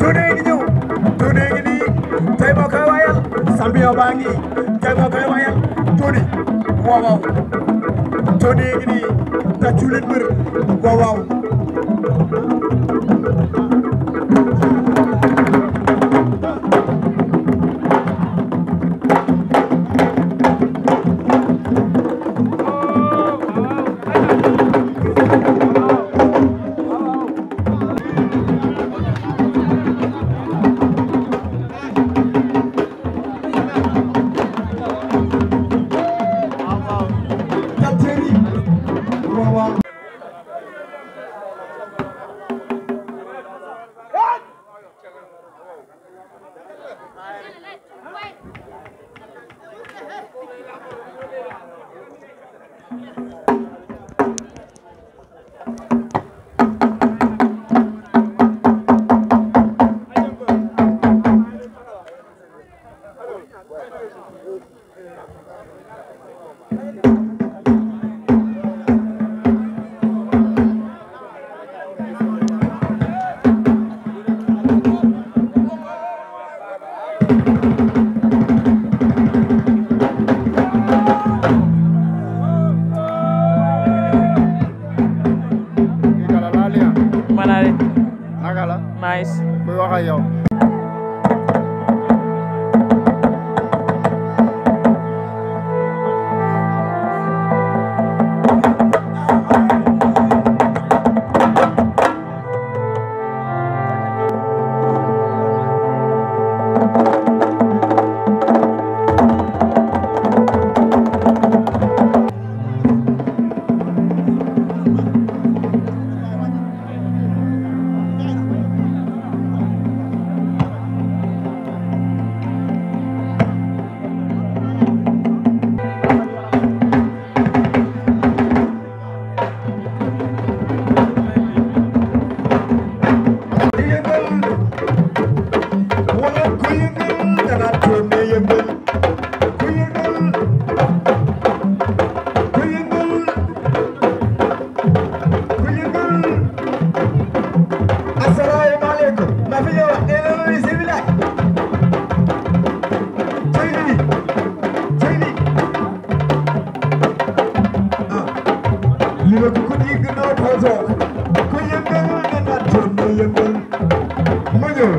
tuuti ngi ñëw tuuti ngi nii tey baa ngi tey moo koy wayal tuuti waaw waaw tuuti ngi mais. Foi o noo toog ku yëngal na na tur mu yëngal mu ñëw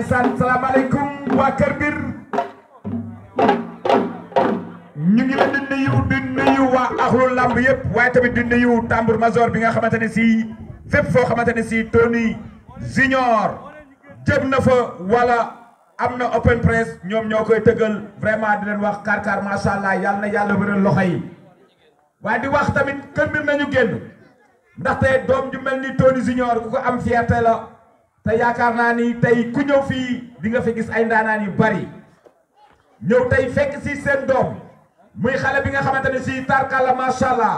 ndeysaan salaamaaleykum waa Kër Mbir ñu ngi leen di nuyu di nuyu waa axlu lamb yëpp waaye tamit di nuyu tambour major bi nga xamante ne si fépp foo xamante ne si Tony Junior jëm na fa wala am na open press ñoom ñoo koy tëggal vraiment di leen wax karkar macha allah yàlla na yàlla wéral loxo yi waaye di wax tamit Kër nañu génn ndaxte doom ju mel ni Tony Junior ku ko am fierté la. te yaakaar naa ni tey ku ñëw fii di nga fi gis ay ndaanaan yu bari ñëw tey fekk si seen doom muy xale bi nga xamante ne si tarkala macha allah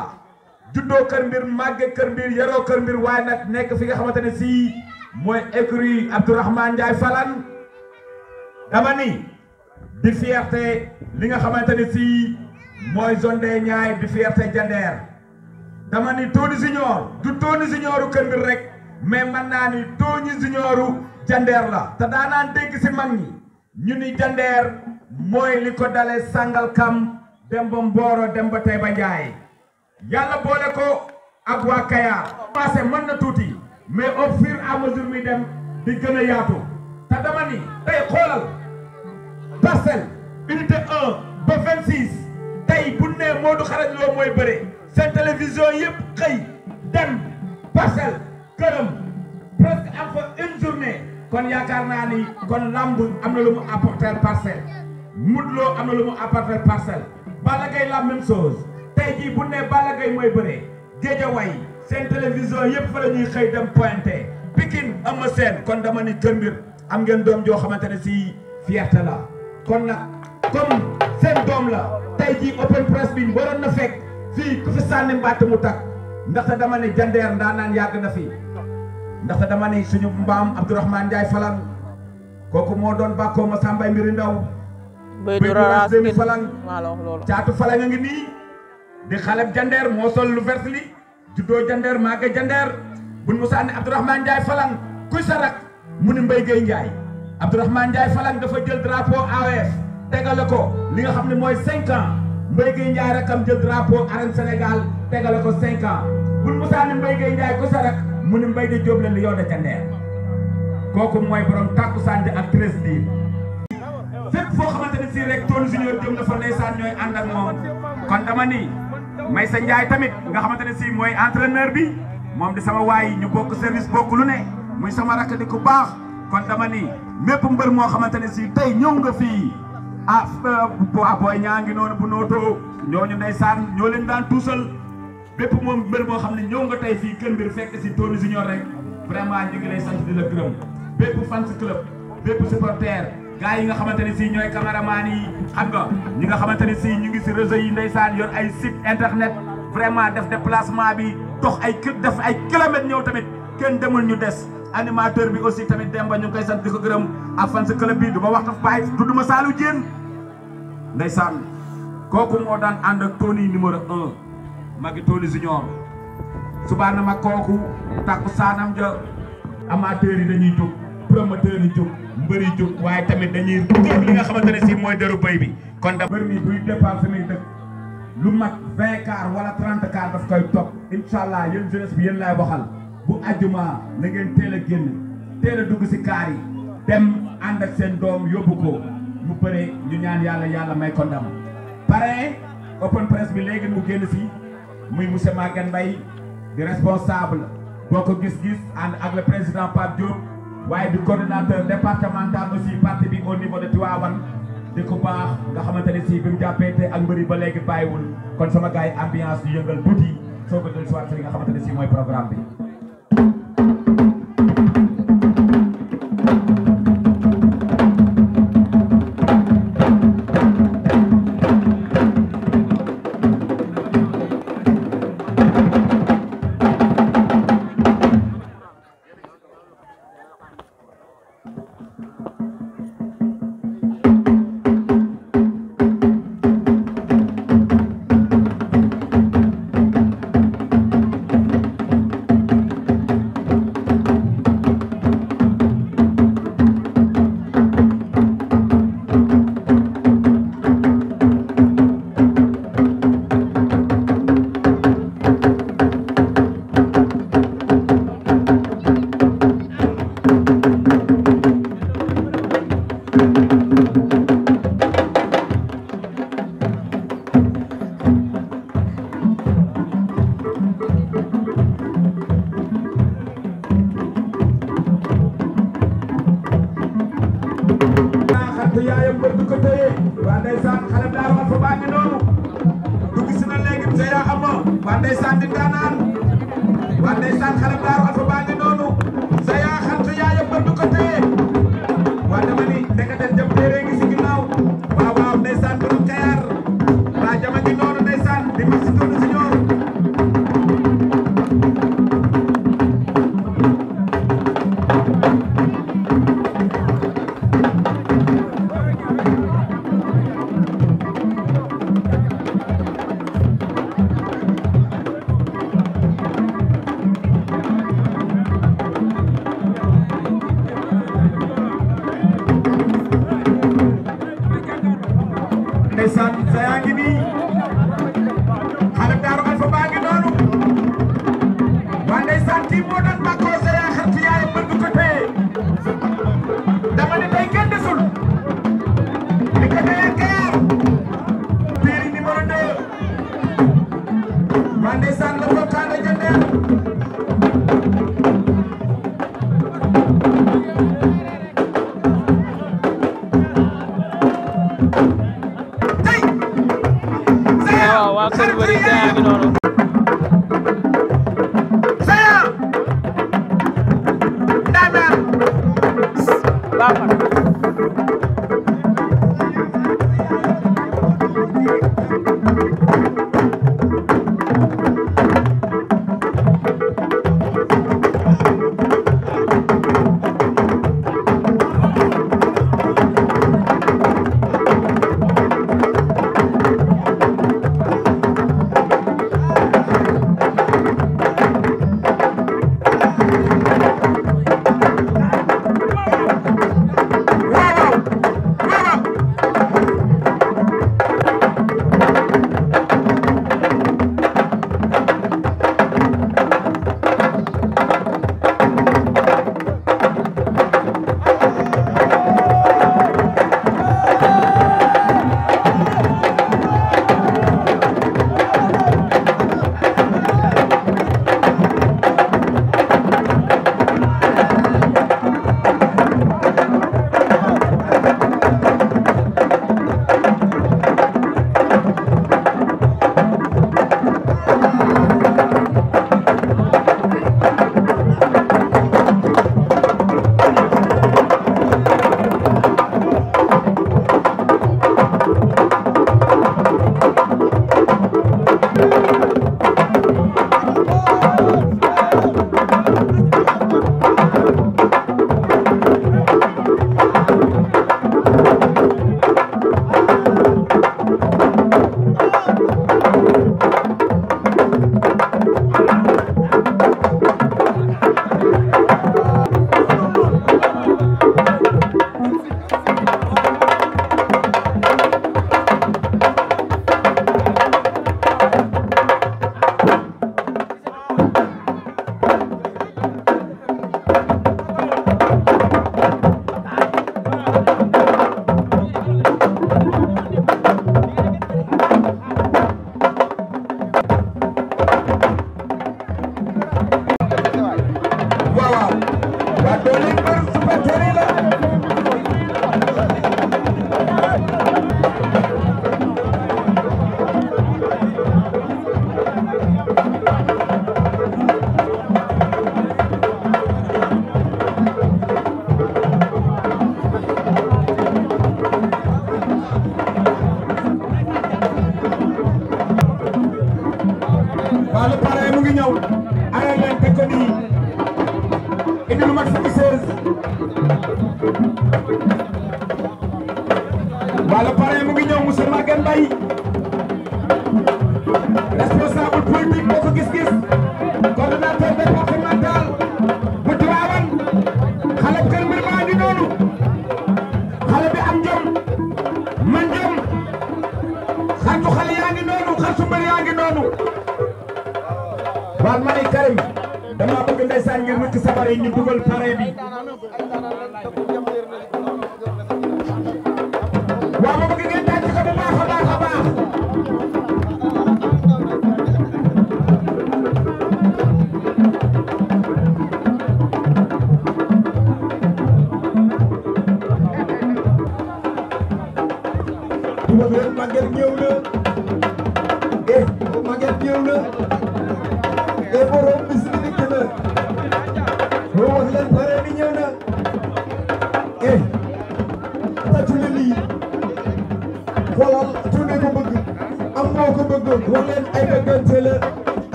juddoo kër mbir màgge kër mbir yaroo kër mbir waaye nag nekk fi nga xamante ne si mooy écurie Abdourahmane Ndiaye Falane dama ni di fierté li nga xamante ne si mooy zone des Niayes di fierté Jandeer dama ni Tony Junior du Tony kër mbir rek. mais man naa ni tooñi junior jandeer la te daanaan dégg si mag ñi ñu ni jandeer mooy li ko dale sàngal kam dem ba mbooro dem ba tey ba njaay yàlla boole ko ak waa Kayar passé mën na tuuti mais au fur et à mi dem di gën a yaatu te dama ni tey xoolal parcelle unité 1 ba 26 tey bu nee Modou Xarañ Lo mooy bëre seen télévision yëpp xëy dem parcelle këram presque am fa une journée kon yaakaar naa ni kon lamb am na lu mu apporter parcel, mudlo Lo am na lu mu apporter parcel, Balla la même chose tey jii bu ne Balla Gaye mooy bëree way seen télévision yëpp fa la ñuy xëy dem pointé Pikine Eumeu Sène kon dama ni Keur am ngeen doom joo xamante ne si fierté la kon nag comme seen doom la tey jii open press bi waroon na fekk fii ku fi sànni mbàtt mu takk ndaxte dama ne jandeer ndaa naan yàgg na fi ndax dama ni suñu mbam abdourahman ndiaye falang koku mo doon bako ma sambay mbiri ndaw falang jatuh falang a ngi ni di xalam jander mo sol lu vert li juddoo jandeer màgge jander buñ musa ni abdourahman falang kusarak, sa rak mu ni mbay gay falang dafa jël drapeau aws tegaloko, li nga xamni moy 5 ans mbay gay ndiaye rakam jël drapeau arène sénégal tegalako 5 ans buñ musa ni mbay gay ku sa mu ni mbay di jóob leen li yoone ca ndeer kooku mooy borom tàkkusaan ak treize lii fépp foo xamante sii rek Tony Junior jëm na fa ñooy ànd ak moom kon dama ni may sa njaay tamit nga xamante ne sii mooy entraîneur bi moom di sama waay ñu ko service bokk lu ne muy sama rakk di ku baax kon dama ni mépp mbër moo xamante ne si tey ñëw nga fii ah euh, booy ah, ñaa ngi noonu bu nootoo ñooñu ndeysaan ñoo leen daan tuusal bépp moom mbër moo xam ne ñëw nga tey fii kër mbir fekk si Tony Junior rek vraiment ñu ngi lay sant di la gërëm bépp fans club bépp supporter gars yi nga xamante ne si ñooy caméraman yi xam nga ñi nga xamante ne si ñu ngi si réseau yi ndeysaan yor ay site internet vraiment def déplacement bi dox ay def ay kilomètres ñëw tamit kenn demul ñu des animateur bi aussi tamit Demba ñu ngi koy sant di ko gërëm ak fans club bi du ma wax daf bàyyi tudd ma Saalu Dieng ndeysaan kooku moo daan ànd ak Tony numéro un magi Tony Junior subaana mag kooku takku saanam ja amateurs yi dañuy jóg promoteurs yi jóg mbër yi jóg waaye tamit dañuy jóg li nga xamante ne si mooy dëru bay bi kon da mbër mi buy dépassé nay dëkk lu mag vingt car wala trente car daf koy topp incha allah yéen jeunesse bi yéen laay waxal bu àjjuma na ngeen teel a génn teel a dugg si kaar yi dem ànd ak seen doom yóbbu ko mu bëree ñu ñaan yàlla yàlla may ko pare open press bi léegi mu génn si muy monsieur Maguette Mbaye di responsable ko gis-gis ànd ak président Pape Diop waaye di coordonnateur départemental aussi part bi au niveau de Tivaouane di ko baax nga xamante ne si bi mu jàppante ak mbëri ba léegi bàyyiwul kon sama gars yi ambiance di yëngal tuuti soo ko dellusiwaat si li nga xamante ne si mooy programme bi.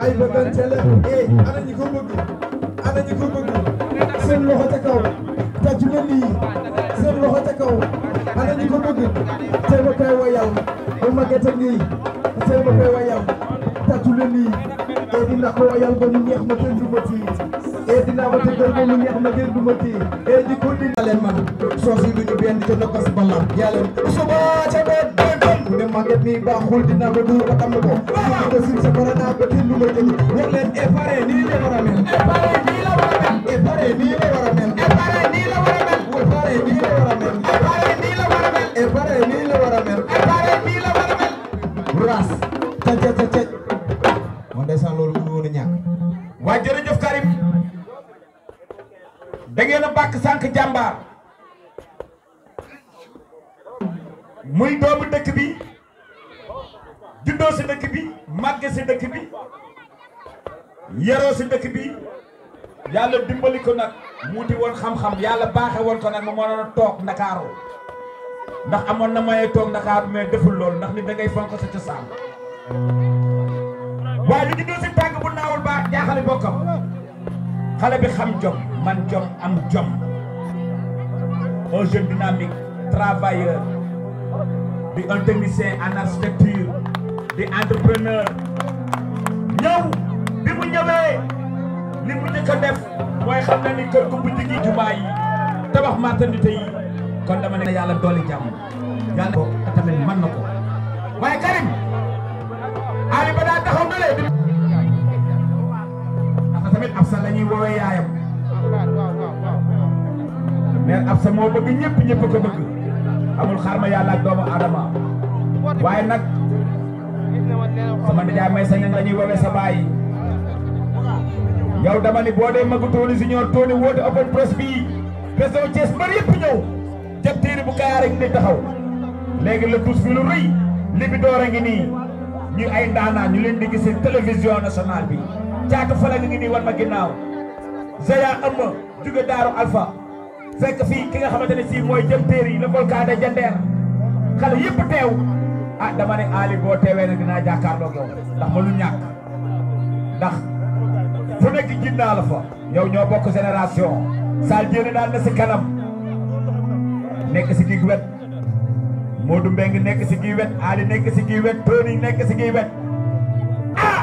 ay bëggante la eh ana ñi ko bëgg ana ko bëgg seen loxo ca kaw ma lii seen loxo ca kaw ana ñi ko bëgg tey ma koy wayal bu màggete nii tey ma koy wayal tàccu la nii eh dina ko wayal ba mu neex ma kenn du ma tii eh dinaa ko tëggal ba mu neex ma kenn du ma tii eh di ko di leen man soo si duñu benn te nokkas ballam yàlla suba ca benn ne màgget mi baaxul dina ko dóor ba tàmm ko. waaw ko sin sa bara naa ko te lu ma jëli. wax leen efare nii la war a mel. efare nii la war a mel. efare nii la war a mel. efare nii la war a mel. efare nii la war a mel. efare nii la war a mel. efare nii la war a mel. efare nii la war a mel. raas. ca ca ca ca. moo ndeysaan loolu mënu woon a ñàkk. waa jërëjëf Karim. da ngeen a bàkk sànq jàmbaar. muy doomu dëkk bi juddoo si dëkk bi màgge si dëkk bi yaroo si dëkk bi yàlla dimbali ko nag muuti woon xam-xam yàlla baaxe woon ko nag mu mënoon a toog ndakaaru ndax amoon na maye toog ndakaaru mais deful loolu ndax ni da ngay fonk sa cosaan waaye li juddoo si tànk bu naawul baax jaaxale bokkam xale bi xam jom man jom am jom un jeune dynamique travailleur di un technicien en di entrepreneur ñëw bi mu ñëwee li mu njëkk a def mooy xam na ni kër gu bu jigi jumaa yi tabax maternité yi kon dama ne yàlla doole jàmm yàlla ko tamit mën na ko waaye Karim Ali ba daa taxaw na lee ndax tamit moo bëgg ñëpp ñëpp ko bëgg amul xaar ma yàlla ak Adama waaye nag sama nijaay may sañ la ñuy woowee sa baay yow dama ni boo dee magu Tony Junior Tony woote open press bii réseau Thiès mbër yëpp ñëw jëpp téere bu kaay rek ni taxaw léegi la tuus fi lu ñu ay ñu leen di gis télévision nationale bi caatu fala ngi nii war ma Zaya Amma juga Daaru Alpha fekk fii ki nga xamante ne sii jëm téere le volcan de a ah, dama ne Ali boo teewee nag dinaa jàkkaarloog yow ndax ma lu ñàkk ndax fu nekk gis naa la fa yow ñoo bokk génération Sall jéene daal na si kanam nekk si gii wet Modou ngi nekk si gii wet Ali nekk si gii wet Tony nekk si gii wet ah.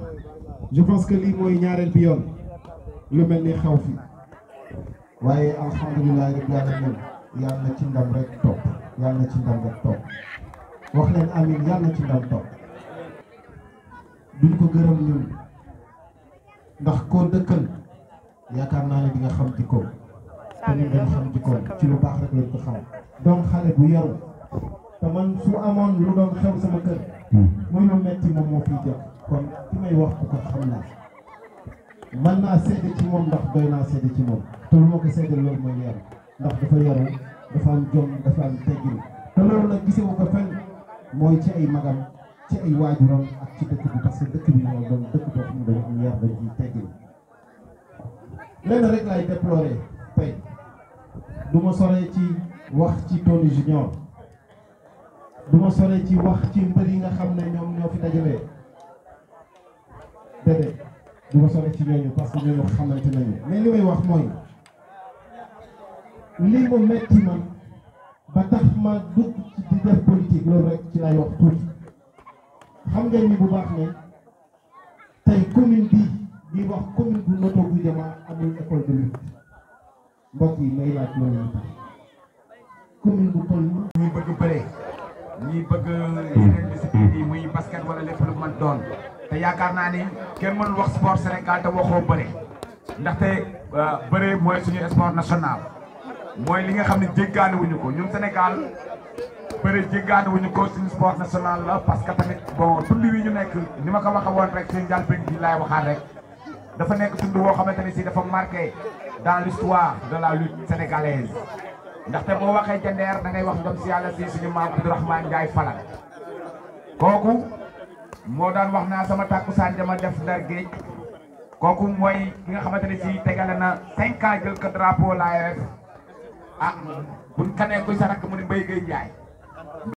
je pense que lii mooy ñaareel bi yoon lu mel ni xew fi waaye alhamdulilah rabbil alamin yàlla na ci ndam rek topp yàlla ci ndam rek topp wax leen amin yàlla na ci ndam topp duñ ko gërëm ñun ndax koo dëkkal yaakaar naa ne di nga xam jikkoom te ñun xam jikkoom ci lu baax rek lañ ko xam donc xale bu yaru te man su amoon lu doon xew sama kër muy hmm. lu metti moom moo fiy kon ki may wax ku ko xam naa mën naa seede ci moom ndax doy naa seede ci moom te lu ma ko seede loolu mooy leer ndax dafa yaru dafa am jom dafa am teggin te loolu nag gisee ko fenn mooy ci ay magam ci ay waajuram ak ci dëkk bi parce dëkk bi ñoo doon dëkk boo xam ne dañu am yar dañ ciy teggin ci wax ci Tony Junior du ma soree wax ci mbër yi nga xam ne ñoom ñoo fi dajalee déedéet du ma sori ci ñooñu parce que ñooñu xamante nañu mais li may wax mooy li ma metti man ba tax ma dugg di def politique loolu rek ci laay wax tuuti xam ngeen ni bu baax ne tey commune bi di wax commune bu Notto Gouye Diama amul école de lutte muy basket wala lépp lu man doon te yaakaar naa ni kenn mënul wax sport Sénégal te waxoo bëre ndaxte euh, bëre mooy suñu sport national mooy li nga xam ne jéggaane wuñu ko ñun Sénégal bëre jéggaane wuñu ko suñu sport national la parce que tamit bon tund wi ñu nekk ni ma ko waxa woon rek si njàlbeen bi laay waxaat rek dafa nekk tund woo xamante ne si dafa marqué dans l'histoire de la lutte sénégalaise ndaxte boo waxee Diender da ngay wax jom si yàlla si suñu maam Abdourahmane Ndiaye Falane kooku moo daan wax naa sama tàkkusaan dama def ndar géej kooku mooy ki nga xamante ne si tegale na cinq ans jël ko drapeau laay ref ah buñ kanee kuy sa rakk mu ne Mbaye Gueye